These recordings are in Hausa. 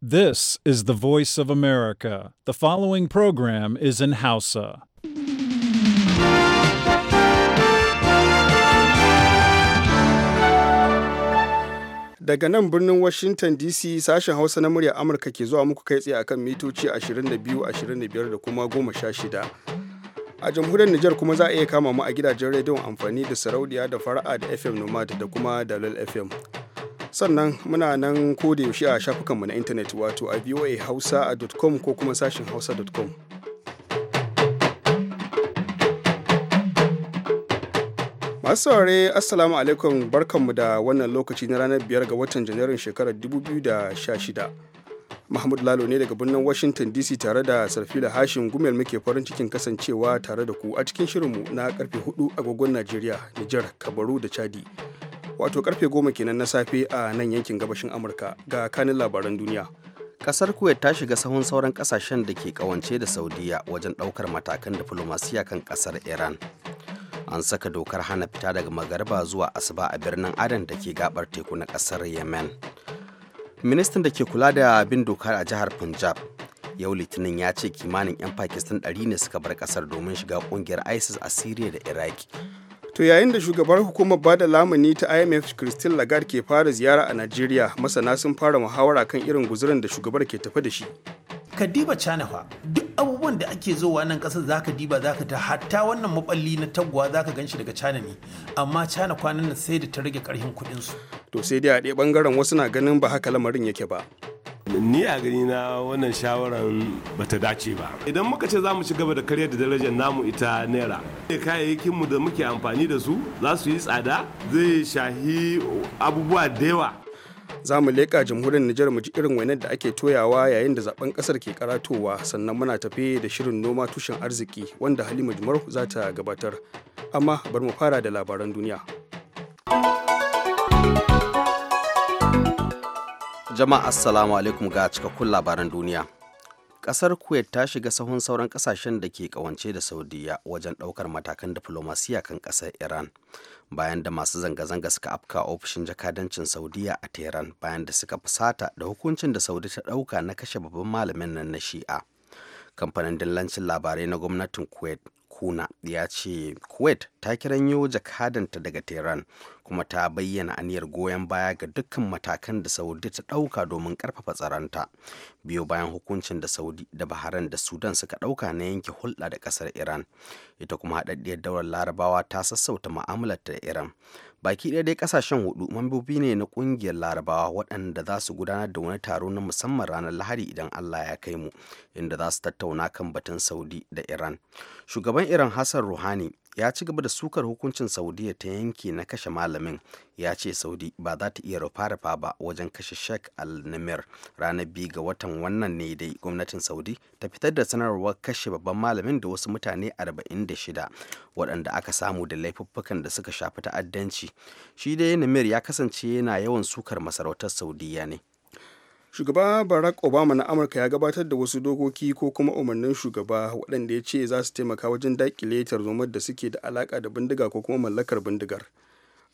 This is the voice of America. The following program is in Hausa. Daga nan birnin Washington DC sashen Hausa na murya Amurka ke zuwa muku kai tsaye akan mitoci 22, 25 da kuma 16. a jamhuriyar Nijar kuma za a iya kama mu a gidajen rediyon amfani da sarauniya da fara'a da FM Nomad da kuma Dalal FM. sannan muna nan ko da yaushe a shafukanmu na intanet wato a a hausa voa dotcom ko kuma sashin hausa.com masu saurare assalamu alaikum barkanmu da wannan lokaci na ranar biyar ga watan janairun shekarar 2016 mahmud lalo ne daga birnin washington dc tare da sarfila hashin gumel muke farin cikin kasancewa tare da ku a cikin shirinmu na karfe 4 agogon najeriya nijar kabaru da chadi wato karfe goma kenan na safe a nan yankin gabashin amurka ga kanin labaran duniya kasar kuwait ta shiga sahun sauran kasashen da ke kawance da saudiya wajen daukar matakan diflomasiya kan kasar iran an saka dokar hana fita daga magariba zuwa asuba a birnin adan da ke gabar teku na kasar yemen ministan da ke kula da bin dokar a jihar punjab yau litinin ya ce kimanin 'yan pakistan 100 ne suka bar kasar domin shiga kungiyar isis a syria da iraki To yayin da shugabar hukumar bada lamuni ta IMF Christine Lagarde ke fara ziyara a Najeriya, masana sun fara muhawara kan irin guzurin da shugabar ke tafi da shi. Ka diba canafa duk abubuwan da ake zowa nan kasar zaka diba zaka ta hatta wannan maballi na taguwa zaka ka ganshi daga cana ne, amma cana kwanan nan sai da ta rage karhin kuɗinsu. To sai dai a ɗaya ɓangaren wasu na ganin ba haka lamarin yake ba. ni a gani na wannan shawaran bata dace ba idan muka ce za mu ci gaba da karya da darajar namu ita naira eh, kayayyakin mu da muke amfani da su za su yi tsada zai shahi abubuwa da yawa za mu leƙa jamhuriyar Nijar mu ji irin wainar da ake toyawa yayin da zaben ƙasar ke karatowa sannan muna tafe da shirin noma tushen arziki wanda Halima jumar za ta gabatar amma bar mu fara da labaran duniya. Jama'a Assalamu alaikum ga cikakkun labaran duniya. Kasar Kuwait ta shiga sahun sauran kasashen da ke kawance da Saudiya wajen ɗaukar matakan diflomasiya kan ƙasar Iran. Bayan da masu zanga-zanga suka afka ofishin jakadancin Saudiya a Tehran bayan da suka fusata da hukuncin da Saudi ta ɗauka na kashe babban malamin nan na Shi'a. Kamfanin dillancin labarai na gwamnatin Kuwait Kuna ya ce Kuwait ta kiranyo jakadanta daga Tehran kuma ta bayyana aniyar goyon baya ga dukkan matakan da Saudi ta ɗauka domin ƙarfafa tsaronta biyo bayan hukuncin da Saudi da Bahrain da Sudan suka ɗauka na yanke hulɗa da ƙasar Iran ita kuma haɗaɗɗiyar daular Larabawa ta sassauta mu'amalarta da Iran. baki ɗaya dai ƙasashen hudu mambobi ne na ƙungiyar larabawa waɗanda za su gudanar da wani taro na musamman ranar lahadi idan allah ya kai mu inda za su tattauna kan batun saudi da iran shugaban iran hassan ruhani ya ci gaba da sukar hukuncin saudiya ta yanke na kashe malamin ya ce saudi ba za ta iya rufa-rufa ba wajen kashe sheikh al-namir ranar biyu ga watan wannan ne dai gwamnatin saudi ta fitar da sanarwar kashe babban malamin da wasu mutane 46 waɗanda aka samu da laifuffukan da suka shafi ta'addanci shi dai namir ya kasance yana yawan sukar masarautar saudiya ne shugaba barack obama na amurka ya gabatar da wasu dokoki ko kuma umarnin shugaba waɗanda ya ce za su taimaka wajen daƙile tarzomar da suke da alaƙa da bindiga ko kuma mallakar bindigar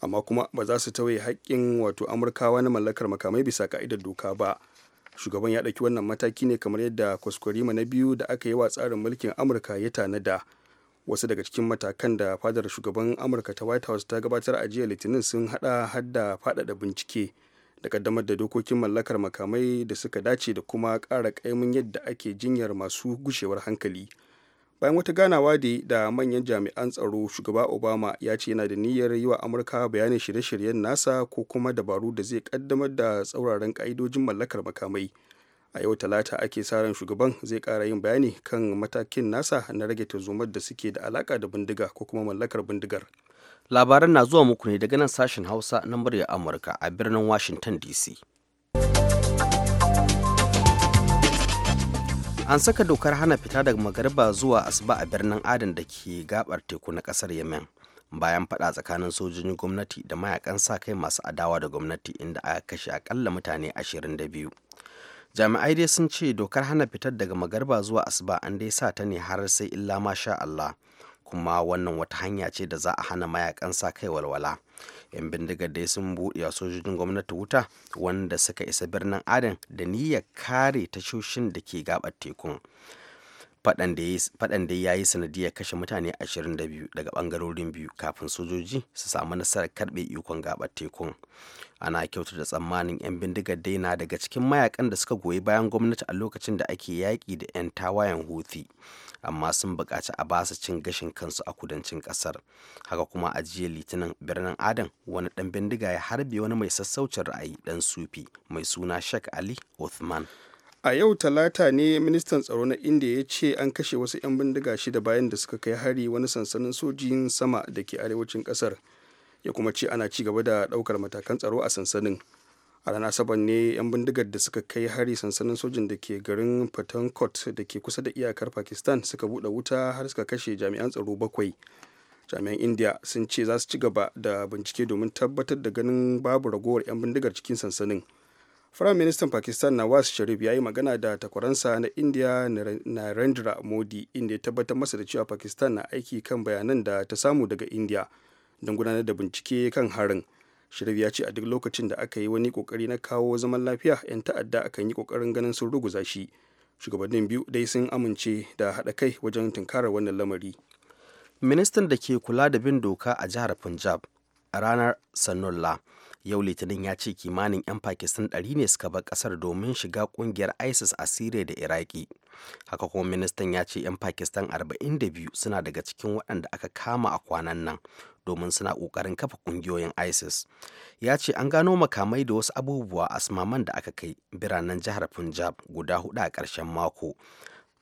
amma kuma ba za su tawaye haƙƙin wato amurkawa na mallakar makamai bisa ka'idar doka ba shugaban ya ɗauki wannan mataki ne kamar yadda kwaskwarima na biyu da aka yi wa tsarin mulkin amurka ya tanada wasu daga cikin matakan da fadar shugaban amurka ta white house ta gabatar a jiya litinin sun hada hadda faɗaɗa bincike da kaddamar da dokokin mallakar makamai da suka dace da kuma ƙara ƙaimin yadda ake jinyar masu gushewar hankali bayan wata ganawa da da manyan jami'an tsaro shugaba obama ya ce yana da niyyar yi wa amurka bayanin shirye-shiryen nasa ko kuma dabaru da zai kaddamar da tsauraran ka'idojin mallakar makamai a yau talata ake sa ran shugaban zai kara yin bayani kan matakin nasa na rage tarzomar da suke da alaka da bindiga ko kuma mallakar bindigar labaran na zuwa muku ne daga nan sashen hausa na murya amurka a birnin washington dc an saka dokar hana fita daga magariba zuwa asuba a birnin adan da ke gabar teku na kasar yemen bayan fada tsakanin sojojin gwamnati da mayakan sa kai masu adawa da gwamnati inda aka kashe akalla mutane 22 jami'ai dai sun ce dokar hana fitar daga magariba zuwa asuba an dai sa ta ne har sai illa masha allah kuma wannan wata hanya ce da za a hana mayakan sa kai walwala yan bindigar dai sun buɗe sojojin gwamnati wuta wanda suka isa birnin adin da niyyar kare tashoshin da ke gabar tekun faɗan da ya yi sanadiyar kashe mutane 22 daga bangarorin biyu kafin sojoji su samu nasarar karɓe ikon gabar tekun ana kyautar da tsammanin 'yan bindigar daina daga cikin mayakan da suka goyi bayan gwamnati a lokacin da ake yaƙi da 'yan tawayen huthi amma sun buƙaci a ba basu cin gashin kansu a kudancin ƙasar haka kuma a jiya litinin birnin adam wani ɗan bindiga ya harbe wani mai sassaucin ra'ayi ɗan sufi mai suna shek ali othman a yau talata ne ministan tsaro na india ya ce an kashe wasu 'yan bindiga shida bayan da suka kai hari wani sansanin sojin sama da ke arewacin kasar ya kuma ce ana ci gaba da daukar matakan tsaro a sansanin a ranar asabar ne 'yan bindigar da suka kai hari sansanin sojin da ke garin patankot da ke kusa da iyakar pakistan suka buɗe wuta har suka kashe jami'an tsaro bakwai jami'an india sun ce za su ci gaba da bincike domin tabbatar da ganin babu ragowar 'yan bindigar cikin sansanin Firayim Ministan Pakistan Nawaz Sharif ya yi magana da takwaransa na India Narendra Modi inda ya tabbatar masa da cewa Pakistan na aiki kan bayanan da ta samu daga India don gudanar da bincike kan harin. Sharif ya ce a duk lokacin da aka yi wani kokari na kawo zaman lafiya 'yan ta'adda akan yi kokarin ganin sun ruguza shi. Shugabannin biyu dai sun amince da haɗa kai wajen tunkarar wannan lamari. Ministan da ke kula da bin doka a jihar Punjab a ranar Sanullah yau litinin ya ce kimanin 'yan pakistan 100 ne suka bar kasar domin shiga kungiyar isis a syria da iraki haka kuma ministan ya ce 'yan pakistan 42 suna daga cikin waɗanda aka kama a kwanan nan domin suna ƙoƙarin kafa ƙungiyoyin isis ya ce an gano makamai da wasu abubuwa a asmaman da aka kai biranen jihar punjab guda hudu a ƙarshen mako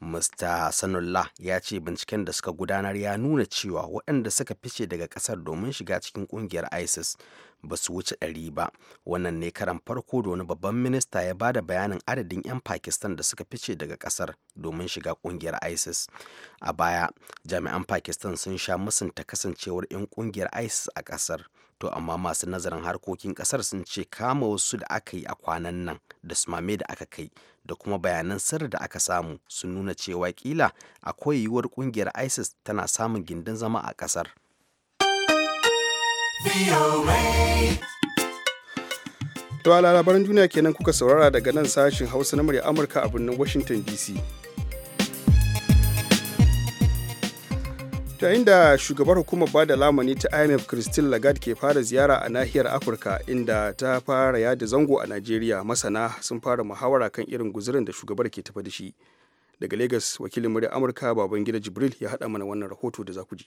Mr. Sanullah ya ce binciken da suka gudanar ya nuna cewa waɗanda suka fice daga ƙasar domin shiga cikin ƙungiyar ISIS ba su wuce ɗari ba wannan ne karan farko da wani babban minista ya ba da bayanin adadin 'yan pakistan da suka fice daga ƙasar domin shiga ƙungiyar isis a baya jami'an pakistan sun sha musunta kasancewar 'yan ƙungiyar isis a ƙasar to amma masu nazarin harkokin ƙasar sun ce kama wasu da aka yi a kwanan nan da su mame da aka kai da kuma bayanan sirri da aka samu sun nuna cewa kila akwai yiwuwar ƙungiyar isis tana samun gindin zama a ƙasar To labaran duniya kenan kuka saurara daga nan sashen Hausa na murya Amurka a birnin Washington DC. ta inda shugabar hukumar bada lamani ta imf christine lagarde ke fara ziyara a nahiyar afirka inda ta fara yada zango a najeriya masana sun fara muhawara kan irin guzurin da shugabar ke tafa da shi daga lagos wakilin murya amurka babangida jibril ya haɗa mana wannan rahoto da za ku ji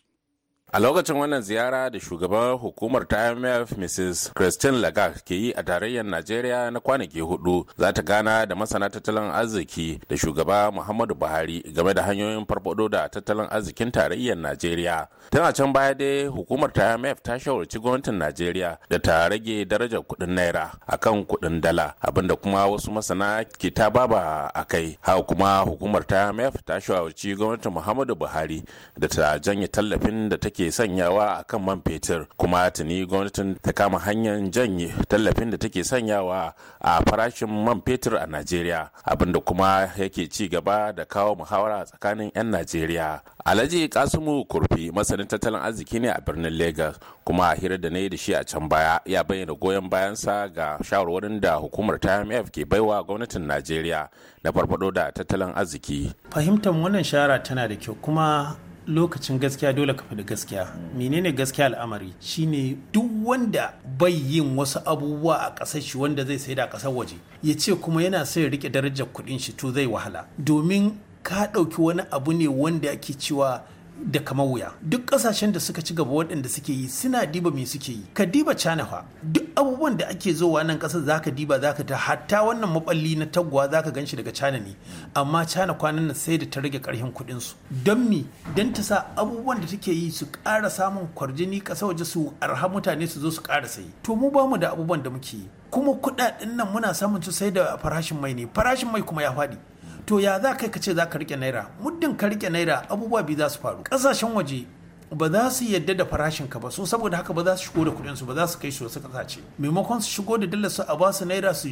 a lokacin wannan ziyara da shugaban hukumar ta imf mrs christine lagarde ke yi a tarayyar najeriya na kwanaki hudu za ta gana da masana tattalin arziki da shugaba muhammadu buhari game da hanyoyin farfado da tattalin arzikin tarayyar najeriya tana can baya dai hukumar ta imf ta shawarci gwamnatin najeriya da ta rage darajar kudin naira akan kudin dala abinda kuma wasu masana ke ta baba a kai haka kuma hukumar ta imf ta shawarci gwamnatin muhammadu buhari da ta janye tallafin da take take sanyawa a kan man fetur kuma tuni gwamnatin ta kama hanyar janye tallafin da take sanyawa a farashin man fetur a najeriya abinda kuma yake ci gaba da kawo muhawara tsakanin 'yan najeriya alhaji kasimu kurfi masanin tattalin arziki ne a birnin lagos kuma a hira da ne da shi a can baya ya bayyana goyon bayansa ga shawarwarin da hukumar ta imf ke baiwa gwamnatin najeriya na farfado da tattalin arziki fahimtar wannan shara tana da kyau kuma lokacin gaskiya dole ka faɗi gaskiya menene gaskiya al'amari shine duk wanda bai yin wasu abubuwa a ƙasar shi wanda zai sai da ƙasar waje ya ce kuma yana son ya rike darajar kuɗin shi to zai wahala domin ka ɗauki wani abu ne wanda ake cewa da kamar wuya duk kasashen da suka ci gaba waɗanda suke yi suna diba me suke yi ka diba cana fa duk abubuwan da ake zowa nan ƙasar zaka diba zaka ta hatta wannan maballi na tagwa zaka ganshi daga cana ne amma cana kwanan nan sai da ta rage ƙarfin kuɗin su don me don ta sa abubuwan da take yi su ƙara samun kwarjini ƙasa waje su arha mutane su zo su ƙara sayi to mu ba mu da abubuwan da muke yi kuma kuɗaɗen nan muna samun su sai da farashin mai ne farashin mai kuma ya faɗi to ya za kai ka ce za ka rike naira muddin ka rike naira abubuwa biyu za su faru Kasashen waje ba za su yadda da farashin ka ba so saboda haka ba za su shigo da kuɗin su ba za su kai su wasu ƙasashe maimakon su shigo da dalar su a ba su naira su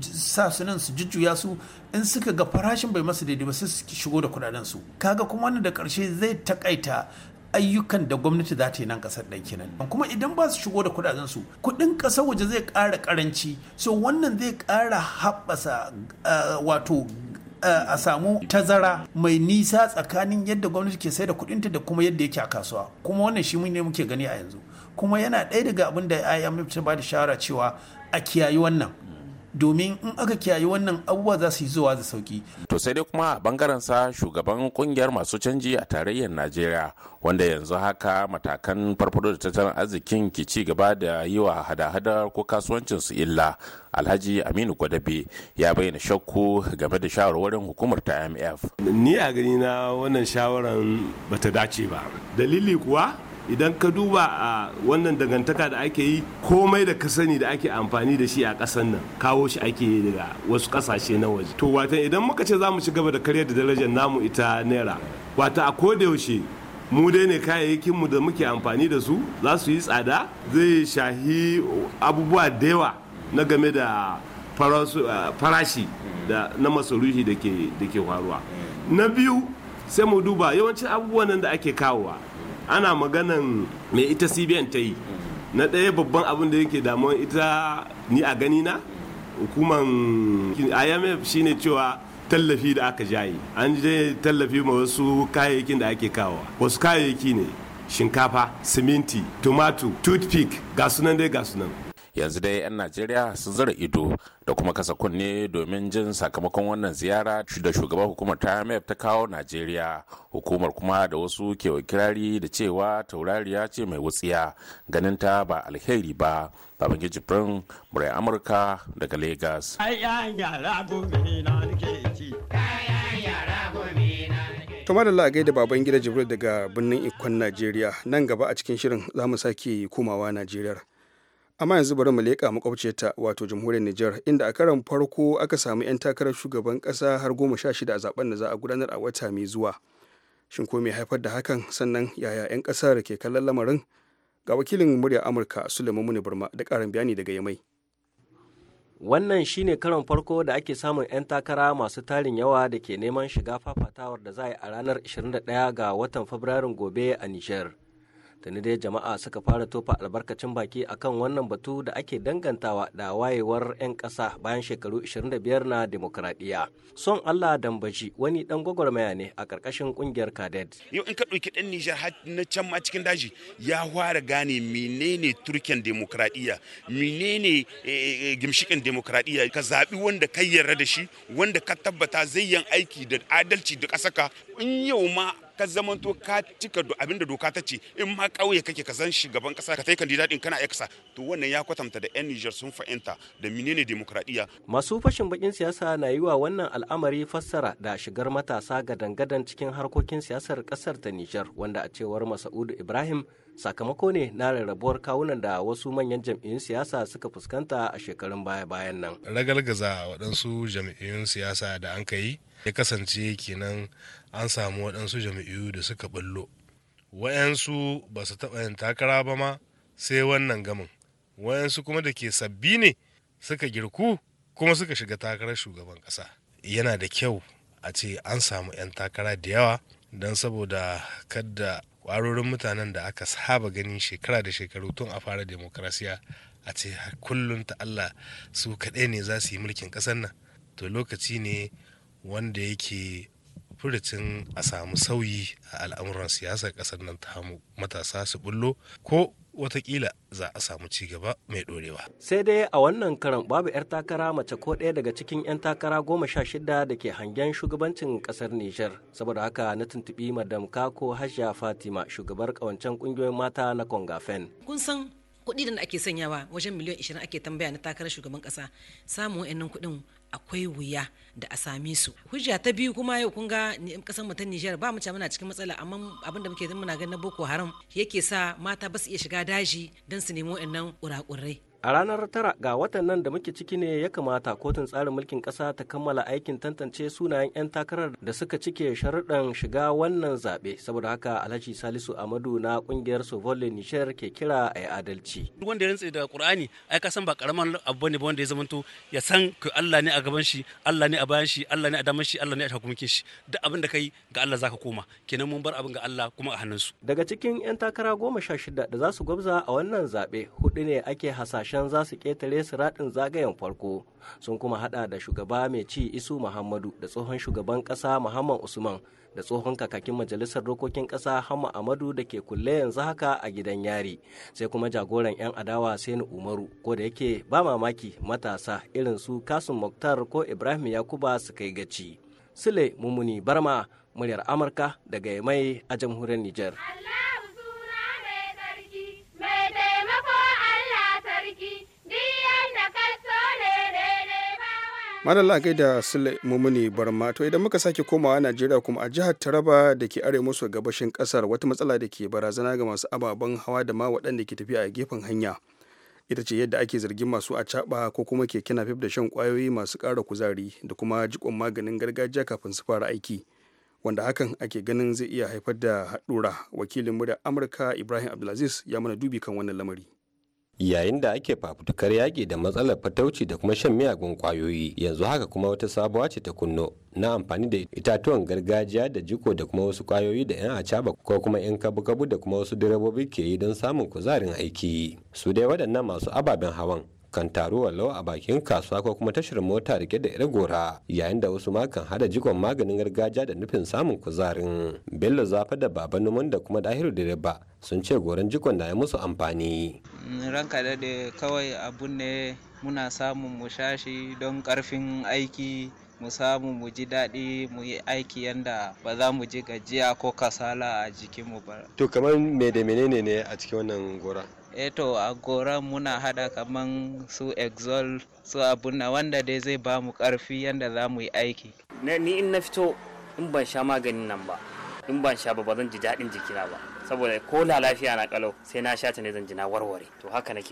sa su nan su jujjuya su in suka ga farashin bai masu daidai ba sai su shigo da kuɗaɗen su kaga kuma wannan da ƙarshe zai takaita ayyukan da gwamnati za ta yi nan kasar ɗan kenan kuma idan ba su shigo da kudaden su kudin ƙasar waje zai ƙara karanci so wannan zai ƙara haɓasa eh, wato Eh, a samu tazara mai nisa tsakanin yadda gwamnati ke sai da kudinta da kuma yadda yake a kasuwa kuma wannan shi ne muke gani a yanzu kuma yana ɗaya daga abin da IMF ta ba da shawara cewa a kiyayi wannan domin in aka kiyaye wannan abubuwa za su yi zuwa da sauki. To sai dai kuma a bangaren sa shugaban kungiyar masu canji a tarayyar Najeriya wanda yanzu haka matakan farfado da tattalin arzikin ke ci gaba da yi wa hada hada ko kasuwancin su illa. Alhaji Aminu Gwadabe ya bayyana shakku game da shawarwarin hukumar ta IMF. Ni a gani na wannan shawarar bata dace ba. Dalili kuwa idan ka duba a wannan dangantaka da ake yi komai da ka sani da ake amfani da shi a ƙasar nan kawo shi ake yi daga wasu ƙasashe na waje to wata idan muka ce za mu ci gaba da karya da darajar namu ita naira wata a yaushe mu dai ne mu da muke amfani da su za su yi tsada zai shahi abubuwa da yawa na game da farashi na masarufi da ke faruwa na biyu sai mu duba yawancin abubuwan nan da ake kawowa ana maganan mai ita cbn ta yi na ɗaya babban abin da yake damuwa ita ni a gani na hukuman imf shine cewa tallafi da aka jaye an je tallafi ma wasu kayayyakin da ake kawo wasu kayayyaki ne shinkafa siminti tomato toothpick ga sunan dai gasunan. yanzu dai 'yan najeriya sun zara ido da kuma kasa kunne domin jin sakamakon wannan ziyara da shugaban hukumar ta ta kawo najeriya hukumar kuma da wasu ke kirari da cewa taurariya ce mai wutsiya ganin ta ba alheri ba babangiji firin murai amurka daga lagos kamar da la'agai da baban gida jibril daga birnin ikon najeriya nan gaba a cikin shirin za mu sake komawa najeriya amma yanzu bari mu leƙa makwabciyarta wato jamhuriyar Nijar inda a karon farko aka samu 'yan takarar shugaban kasa har goma sha shida a zaben da za a gudanar a wata mai zuwa shin ko mai haifar da hakan sannan yaya 'yan ƙasar ke kallon lamarin ga wakilin murya amurka suleiman muni burma da ƙarin bayani daga yamai wannan shine karon farko da ake samun 'yan takara masu tarin yawa da ke neman shiga fafatawar da za a yi a ranar 21 ga watan fabrairun gobe a nijar da tuni dai jama'a suka fara tofa albarkacin baki akan wannan batu da ake dangantawa da wayewar 'yan ƙasa bayan shekaru 25 na demokradiyya son allah dambaji wani dan gwagwarmaya ne a ƙarƙashin ƙungiyar kadet yau in ka ɗauki ɗan nijar na can ma cikin daji ya fara gane menene turken demokradiyya menene eh, eh, gimshikin demokradiyya ka zaɓi wanda ka yarda da shi wanda ka tabbata zai yin aiki da adalci da ƙasaka in yau ma ka zamanto ka cika abin da doka ta ce in ma ƙauye kake ka san shugaban kasa ka tai kandidat din kana eksa to wannan ya kwatanta da yan Niger sun fa'inta da menene demokradiya masu fashin bakin siyasa na yi wa wannan al'amari fassara da shigar matasa ga dangadan cikin harkokin siyasar kasar ta Niger wanda a cewar Masaudu Ibrahim sakamako ne na rarrabuwar kawunan da wasu manyan jam'iyyun siyasa suka fuskanta a shekarun baya-bayan nan. Ragalgaza waɗansu jam'iyyun siyasa da an yi ya kasance kenan an samu waɗansu jam'iyyu da suka ɓullo. Wayansu ba su taɓa yin takara ba ma sai wannan gamin. Wayansu kuma da ke sabbi ne suka girku kuma suka shiga takarar shugaban ƙasa. Yana da kyau a ce an samu 'yan takara da yawa don saboda kada kwarorin mutanen da aka saba ganin shekara da shekaru tun a fara demokrasiya a ce kullum ta Allah su kaɗai ne za su yi mulkin ƙasar nan to lokaci ne wanda yake furucin a samu sauyi a al'amuran siyasar ƙasar nan ta matasa su bullo ko watakila za a samu ci gaba mai dorewa. Sai dai a wannan karan babu 'yar takara mace ko ɗaya daga cikin 'yan takara goma sha shida da ke hangen shugabancin ƙasar Nijar. Saboda haka na tuntuɓi Madam Kako Hajiya Fatima shugabar ƙawancen ƙungiyoyin mata na Kongafen. Kun san kuɗi da ake sanyawa wajen miliyan 20 ake tambaya na takarar shugaban kasa samun wa'annan kuɗin akwai wuya da a same su hujja ta biyu kuma yau kun ga kasar mutan ta ba mu muna cikin matsala amma abin da muke muna ganin Boko Haram yake sa mata ba su iya shiga daji don su nemi wa'annan kurakurai A ranar tara ga watan nan da muke ciki ne ya kamata kotun tsarin mulkin kasa ta kammala aikin tantance sunayen 'yan takarar da suka cike sharuɗan shiga wannan zaɓe saboda haka Alhaji Salisu Amadu na ƙungiyar Sovolle Nishar ke kira a yi adalci. wanda ya rantse da ƙur'ani ai ka san ba karaman abu ne ba wanda ya zamanto ya san ku Allah ne a gaban shi, Allah ne a bayan shi, Allah ne a daman shi, Allah ne a hukumkin shi. Duk abin da kai ga Allah zaka koma. Kenan mun bar abin ga Allah kuma a hannunsu. Daga cikin 'yan takara goma sha shida da za su gwabza a wannan zaɓe hudu ne ake hasashe ƙarshen za su ƙetare siraɗin zagayen farko sun kuma haɗa da shugaba mai ci isu muhammadu da tsohon shugaban ƙasa muhammad usman da tsohon kakakin majalisar dokokin ƙasa hamma amadu da ke kulle yanzu haka a gidan yari sai kuma jagoran 'yan adawa sai na umaru ko da yake ba mamaki matasa irin su kasu muktar ko ibrahim yakuba su kai gaci sule mumuni barma muryar amurka daga mai a jamhuriyar nijar. madalla gaida sule mumuni barma to idan muka sake komawa najeriya kuma a jihar taraba da ke arewa maso gabashin kasar wata matsala da ke barazana ga masu ababen hawa da ma waɗanda ke tafiya a gefen hanya ita ce yadda ake zargin masu a caɓa ko kuma keke fif da shan kwayoyi masu ƙara kuzari da kuma jikon maganin gargajiya kafin su fara aiki wanda hakan ake ganin zai iya haifar da haɗura wakilin murya amurka ibrahim abdulaziz ya mana dubi kan wannan lamari yayin da ake fafutukar yaƙi da matsalar fatauci da kuma shan miyagun kwayoyi yanzu haka kuma wata sabuwa ce ta kunno na amfani da itatuwan gargajiya da jiko da kuma wasu kwayoyi da 'yan acaba ko kuma 'yan kabu-kabu da kuma wasu direbobi ke yi don samun kuzarin aiki su dai waɗannan masu ababen hawan kan taru wallau a bakin kasuwa ko kuma tashar mota rike da ire gora yayin da wasu ma kan hada jikon maganin gargajiya da nufin samun kuzarin bello zafa da baba numan da kuma dahiru direba sun ce goran jikon na ya musu amfani ranka da kawai abun ne muna samun mu don karfin aiki mu samu mu ji daɗi mu yi aiki yadda ba za mu ji gajiya ko kasala a jikinmu ba to kamar me da menene ne a cikin wannan gora eto eh a goran muna hada kaman su exol su abunna wanda dai zai ba mu karfi yadda za mu yi aiki ni in na fito in ban sha maganin nan ba in ban sha ba zan ji daɗin jikina ba saboda ko na lafiya na kalau sai na sha ta ne zan ji na warware to haka nake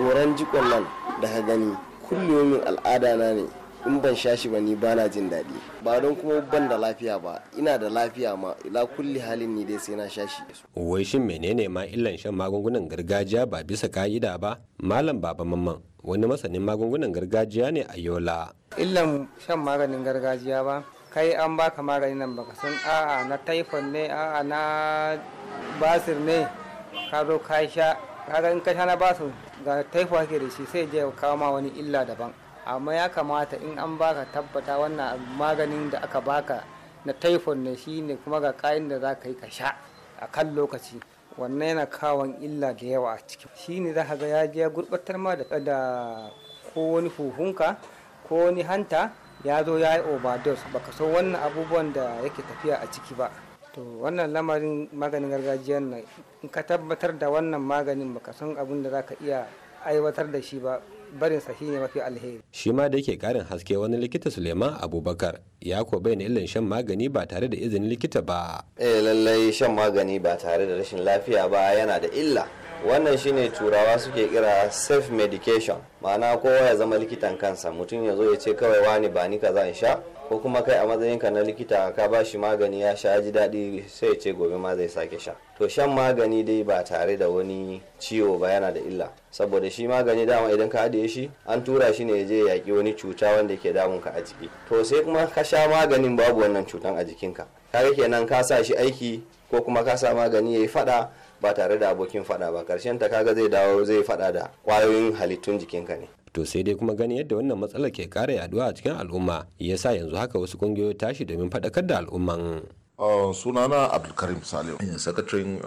goran jikon nan da ka gani kullum al'ada na ne in ban sha shi ba ni ba na jin daɗi ba don kuma ban da lafiya ba ina da lafiya ma ila kulli halin ni dai sai na sha shi wai shin menene ma illan shan magungunan gargajiya ba bisa ka'ida ba malam baba mamman wani masanin magungunan gargajiya ne a yola illan shan maganin gargajiya ba kai an baka maganin nan baka san a'a na taifon ne a'a na basir ne ka zo ka sha kaga in ka sha na basir ga taifo ake da shi sai je kawo ma wani illa daban amma ya kamata in an baka tabbata wannan maganin da aka baka na taifon ne shi ne kuma ga kayan da za ka yi ka sha a kan lokaci wannan yana kawon illa da yawa a ciki shi ne za ka ga ya je gurbatar ma da ko wani huhunka ko wani hanta ya zo ya yi overdose ka so wannan abubuwan da yake tafiya a ciki ba to wannan lamarin maganin gargajiyar nan in ka tabbatar da wannan maganin ba ka san abin da za ka iya aiwatar da shi ba barin sa shine mafi alheri shi ma da yake karin haske wani likita Suleiman Abubakar ya ko bayyana illan shan magani ba tare da izinin likita ba eh lallai shan magani ba tare da rashin lafiya ba yana da illa wannan shine turawa suke kira self medication ma'ana kowa ya zama likitan kansa mutum ya zo ya ce kawai wani ba ni kaza in sha ko kuma kai a ka na likita ka ba shi magani ya sha ji daɗi sai ce gobe ma zai sake sha to shan magani dai ba tare da wani ciwo ba yana da illa saboda shi magani dama idan ka haɗe shi an tura shi ne ya je yaƙi wani cuta wanda ke damun ka a jiki to sai kuma ka sha maganin babu wannan cutan a jikinka kaga kenan ka sa shi aiki ko kuma ka sa magani ya yi faɗa ba tare da abokin faɗa ba karshen ta kaga zai dawo zai faɗa da kwayoyin halittun jikinka ne to sai dai kuma gani yadda wannan matsalar ke kara yaduwa a cikin al'umma ya sa yanzu haka wasu kungiyoyi tashi domin faɗakar da al'umman uh, sunana abdulkarim salim um, sakatarin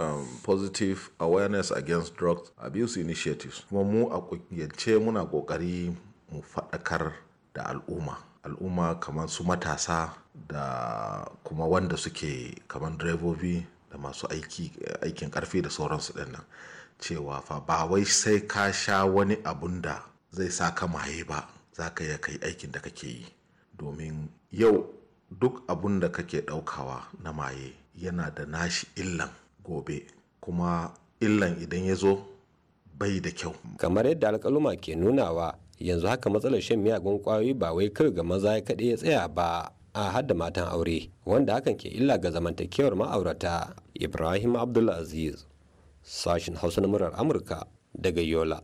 positive awareness against drugs abuse initiatives kuma mu a kungiyance muna kokari mu faɗakar da al'umma al'umma kamar su matasa da kuma wanda suke kamar direbobi da masu aiki aikin karfi da sauransu ɗin nan cewa fa ba wai sai ka sha wani abun da zai sa ka maye ba za ka iya kai aikin da kake yi domin yau duk abun da kake ɗaukawa na maye yana da nashi illan gobe kuma illan idan ya zo bai da kyau kamar yadda alkaluma ke nunawa yanzu haka matsalar shan miyagun kwayoyi ba wai kar ga maza ya kaɗai ya tsaya ba a hadda matan aure wanda hakan ke illa ga zamantakewar ma'aurata ibrahim abdulaziz sashen hausa na murar amurka daga yola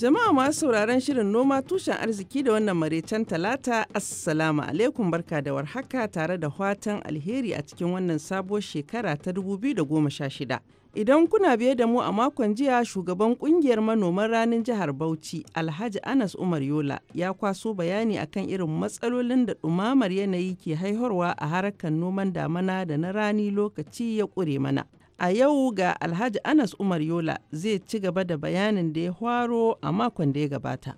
Jama'a masu sauraron shirin noma tushen arziki da wannan maraicen talata assalamu alaikum barka da warhaka tare da watan alheri a cikin wannan sabuwar shekara ta 2016. Idan kuna biye da mu a makon jiya shugaban kungiyar manoman ranar jihar Bauchi Alhaji Anas Umar Yola ya kwaso bayani akan irin matsalolin da dumamar yanayi ke haihuwa a harkar noman damana da na rani lokaci ya ƙure mana. A yau ga Alhaji Anas Umar Yola zai ci gaba da bayanin da ya hwaro a makon da ya gabata.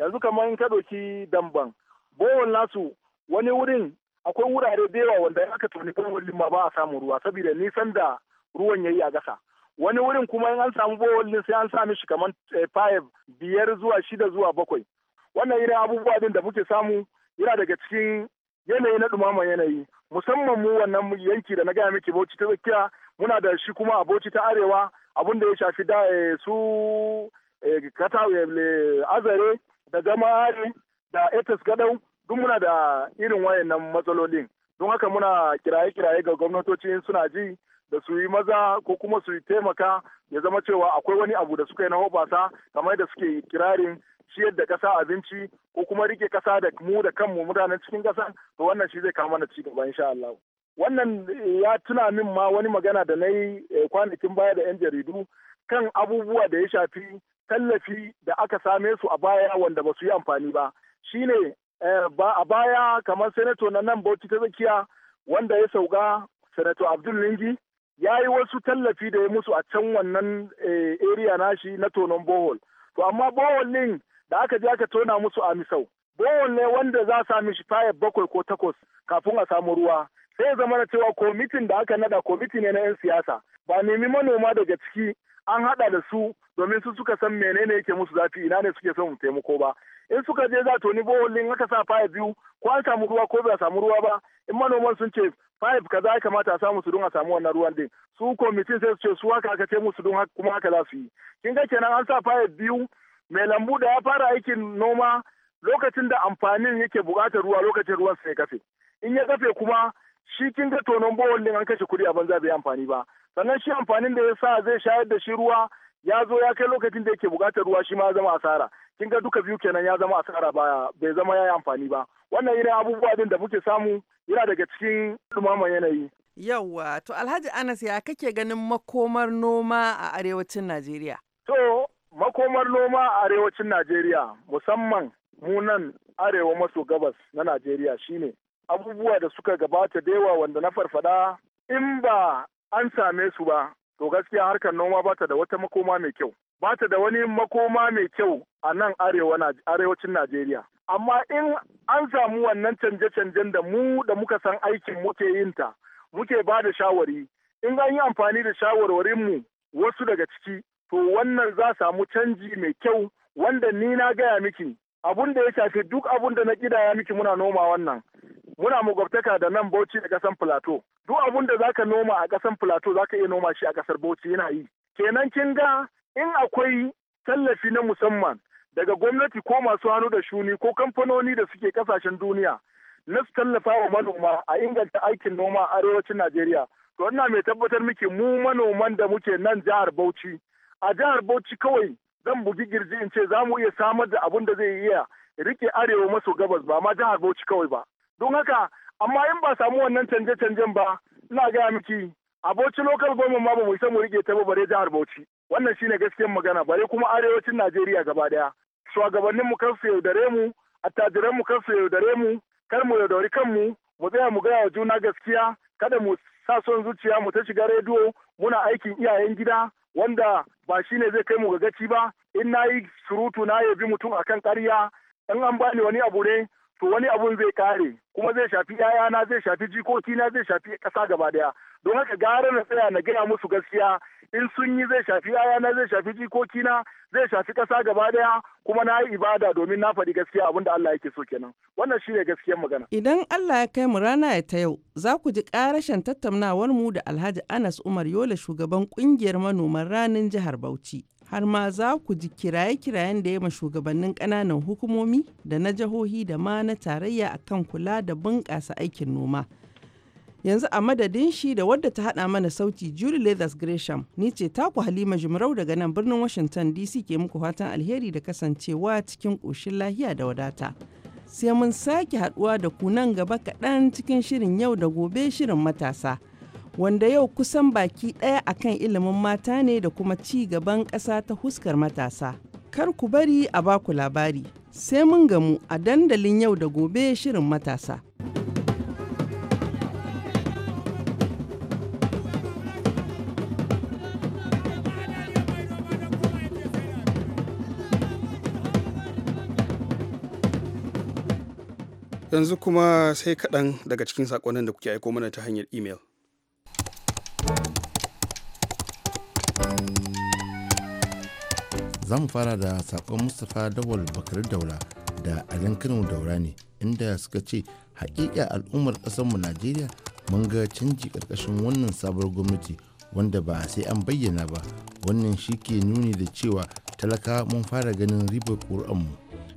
Yanzu kamar in ka ɗauki damban, bowon nasu wani wurin akwai wurare da yawa wanda aka tuni bohol ma ba a samu ruwa saboda nisan da ruwan yayi a gasa. Wani wurin kuma in an samu bowon din sai an sami shi kamar eh, five biyar zuwa shida zuwa bakwai. Wannan irin abubuwa din da muke samu yana daga cikin yanayi na ɗumaman yanayi musamman mu wannan yanki da na gaya miki bauchi ta tsakiya muna da shi kuma a ta arewa abun da ya shafi da eh, su eh, kata eh, azare da jama'ari da etes gadau duk muna da irin wayannan matsalolin don haka muna kiraye-kiraye ga gwamnatoci suna ji da su yi maza ko kuma su yi taimaka ya zama cewa akwai wani abu da suka yi na hobasa kamar da suke kirarin ciyar da kasa abinci ko kuma rike kasa da mu da kanmu mutanen cikin kasa to wannan shi zai kama na ci gaba insha Allah wannan eh, ya tuna min ma wani magana da na yi eh, kwanakin baya da 'yan jaridu kan abubuwa da ya shafi tallafi da aka same su a baya wanda ba su yi amfani ba shine eh, ba a baya kamar senato na nan bauchi ta tsakiya wanda ya sauka senato abdul lingi ya yi wasu tallafi da ya musu a can wannan area nashi na tonon bohol to amma bohol din da aka je aka tona musu a misau bohol ne wanda za a sami shi fayar bakwai ko takwas kafin a samu ruwa sai zama na cewa kwamitin da aka nada kwamiti ne na 'yan siyasa ba nemi manoma daga ciki an hada da su domin su suka san menene yake musu zafi ina ne suke son taimako ba in suka je za toni boholin aka sa faya biyu ko an samu ruwa ko bai samu ruwa ba in manoman sun ce fayif kaza ya kamata a samu su don a samu wannan ruwan din su kwamitin sai su ce su haka aka ce musu don kuma haka za su yi kin ga kenan an sa faya biyu mai lambu da ya fara aikin noma lokacin da amfanin yake buƙatar ruwa lokacin ruwan sai kafe in ya kafe kuma shi kin ga tonon bowl din an kashe kuɗi a banza bai amfani ba sannan shi amfanin da ya sa zai shayar da shi ruwa ya zo ya kai lokacin da yake bukatar ruwa shi ma ya zama asara kin ga duka biyu kenan ya zama asara baya bai zama ya yi amfani ba wannan irin abubuwa din da muke samu yana daga cikin lumaman yanayi yawwa to alhaji anas ya kake ganin makomar noma a arewacin najeriya to makomar noma a arewacin najeriya musamman mu nan arewa maso gabas na najeriya shine abubuwa da suka gabata da yawa wanda na farfada in ba an same su ba to gaskiya harkar noma ba ta da wata makoma mai kyau ba ta da wani makoma mai kyau a nan arewacin najeriya amma in an samu wannan canje-canjen da mu da muka san aikin muke yin ta muke ba da shawari in an yi amfani da shawarwarinmu wasu daga ciki to wannan za samu canji mai kyau wanda ni na gaya miki abun da ya shafi duk abun da na kidaya miki muna noma wannan muna magwabtaka da nan Bauchi a kasan Plateau. Duk abun da zaka noma a kasar Plateau zaka iya noma shi a kasar Bauchi yana yi. Kenan kin ga in akwai tallafi na musamman daga gwamnati ko masu hannu da shuni ko kamfanoni da suke kasashen duniya na su tallafa wa manoma a inganta aikin noma a arewacin Najeriya. To ina mai tabbatar muke mu manoman da muke nan jihar Bauchi. A jihar Bauchi kawai zan bugi girji in ce za mu iya samar da abun da zai iya rike arewa maso gabas ba ma jihar Bauchi kawai ba. don haka amma in ba samu wannan canje-canjen ba ina gaya miki a bauchi lokal goma ma ba mu isa mu rike ta ba bare jihar bauchi wannan shine gaskiyar magana bare kuma arewacin najeriya gaba daya shugabannin mu kansu yaudare mu attajiran mu kansu yaudare mu kar mu yaudari kanmu mu tsaya mu gaya wa juna gaskiya kada mu sa son zuciya mu ta shiga rediyo muna aikin iyayen gida wanda ba shi ne zai kai mu ga gaci ba in na yi surutu na yabi mutum akan ƙarya in an bani wani abu ne to wani abun zai kare kuma zai shafi yayana zai shafi jikokina zai shafi ƙasa gaba daya don haka gara na tsaya na gaya musu gaskiya in sun yi zai shafi yayana zai shafi jikokina zai shafi ƙasa gaba daya kuma na yi ibada domin na faɗi gaskiya abin da Allah yake so kenan wannan shine gaskiyar magana idan Allah ya kai mu rana ya ta yau za ku ji ƙarashin tattaunawar mu da Alhaji Anas Umar Yola shugaban kungiyar manoman ranin jihar Bauchi har ma za ku ji kiraye-kirayen da ya ma shugabannin ƙananan hukumomi da na jihohi da ma na tarayya a kan kula da bunƙasa aikin noma. Yanzu a madadin shi da wadda ta haɗa mana sauti Julie Leathers Gresham, ni ce taku Halima Jumrau daga nan birnin Washington DC ke muku fatan alheri da kasancewa cikin ƙoshin lahiya da wadata. Sai mun sake haɗuwa da ku nan gaba kaɗan cikin shirin yau da gobe shirin matasa. wanda yau kusan baki ɗaya akan ilimin mata ne da kuma ci gaban ƙasa ta huskar matasa. Kar ku bari a baku labari, sai mun gamu a dandalin yau da gobe shirin matasa. yanzu kuma sai kaɗan daga cikin saƙonin da kuke aiko mana ta hanyar imel. za mu fara da sakon mustapha dawal bakar daula da alin kano daura ne inda suka ce hakika al'ummar mu najeriya mun ga canji ƙarƙashin wannan sabuwar gwamnati wanda ba sai an bayyana ba wannan shi ke nuni da cewa talaka mun fara ganin ribar ƙuri'anmu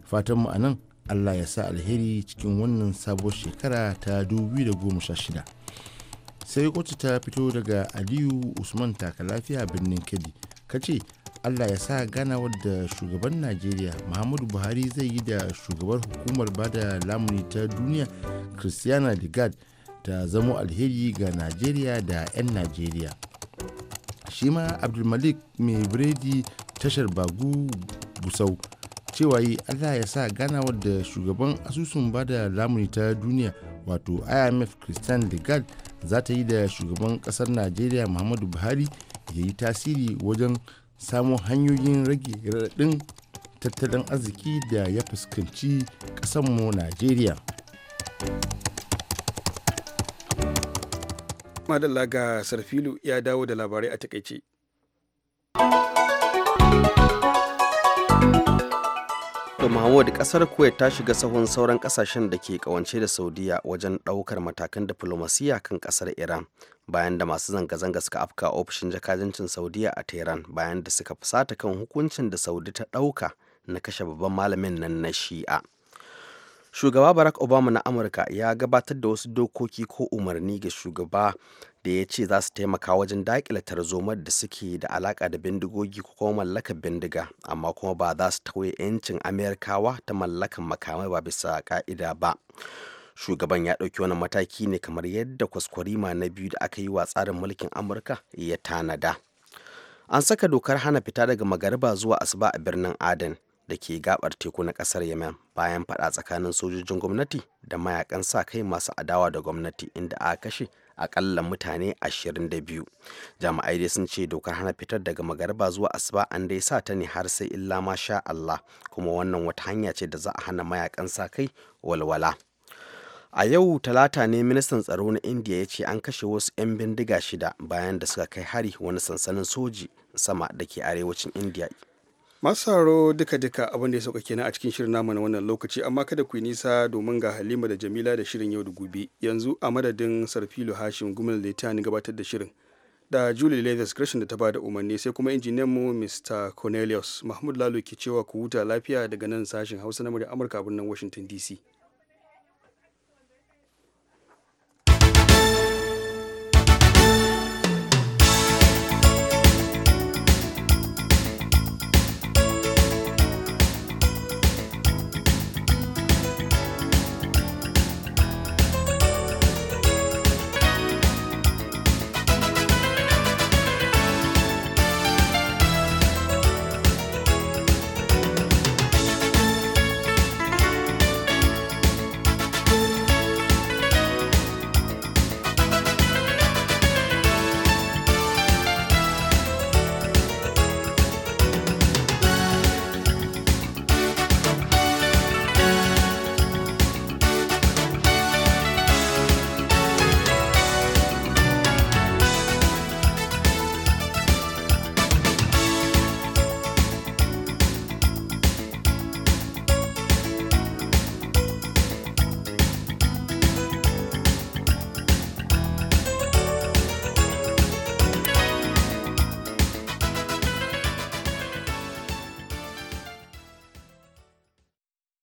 fatanmu a nan allah ya sa alheri cikin wannan sabuwar shekara ta 2016 sai kwacce ta fito daga aliyu usman takalafiya birnin kebbi kace allah ya sa ganawar da shugaban najeriya muhammadu buhari zai yi da shugabar hukumar bada lamuni ta duniya christiana legard ta zamo alheri ga najeriya da 'yan najeriya shi ma abdulmalik mai biredi tashar bagu gusau cewa yi allah ya sa ganawar da shugaban asusun bada lamuni ta duniya wato imf christian legard za ta yi da shugaban kasar najeriya muhammadu buhari ya yi tasiri wajen samun hanyoyin rage raɗaɗin tattalin arziki da ya fuskanci ƙasarmu najeriya madalla ga sarfilu ya dawo da labarai a takaice. To Mahmud kasar Kuwait ta shiga sahun sauran kasashen da ke kawance da Saudiya wajen ɗaukar matakan diflomasiya kan kasar Iran bayan da masu zanga-zanga suka afka ofishin jakadancin Saudiya a Tehran bayan da suka fusata kan hukuncin da Saudi ta ɗauka na kashe babban malamin nan na Shi'a. shugaba barack obama na amurka ya gabatar da wasu dokoki ko umarni ga shugaba da ya ce za su taimaka wajen daƙile tarzomar da suke da alaƙa da bindigogi ko kuma mallakar bindiga amma kuma ba za su tauye 'yancin amerikawa ta mallakar makamai ba bisa ka'ida ba shugaban ya ɗauki wani mataki ne kamar yadda kwaskwarima na biyu da aka yi wa tsarin mulkin amurka ya tanada an saka dokar hana fita daga magariba zuwa asuba a birnin aden da ke gabar teku na kasar yemen bayan fada tsakanin sojojin gwamnati da mayakan sa kai masu adawa da gwamnati inda aka kashe akalla mutane 22 jami'ai dai sun ce dokar hana fitar daga magariba zuwa asuba an dai sa ta ne har sai illa ma sha Allah kuma wannan wata hanya ce da za a hana mayakan sa kai walwala a yau talata ne ministan tsaro na indiya ya ce an kashe wasu 'yan bindiga shida bayan da suka kai hari wani sansanin soji sama da ke arewacin indiya masaro duka-duka abin da ya sauka kenan a cikin shirin namu na wannan lokaci amma kada ku yi nisa domin ga halima da jamila da shirin yau da gobe yanzu a madadin sarfilu hashim gumal da ta gabatar da shirin da julie leathers gresham da ta bada umarni sai kuma injiniyan mu mr cornelius mahmud lalo ke cewa ku huta lafiya daga nan sashen hausa na murya amurka birnin washington dc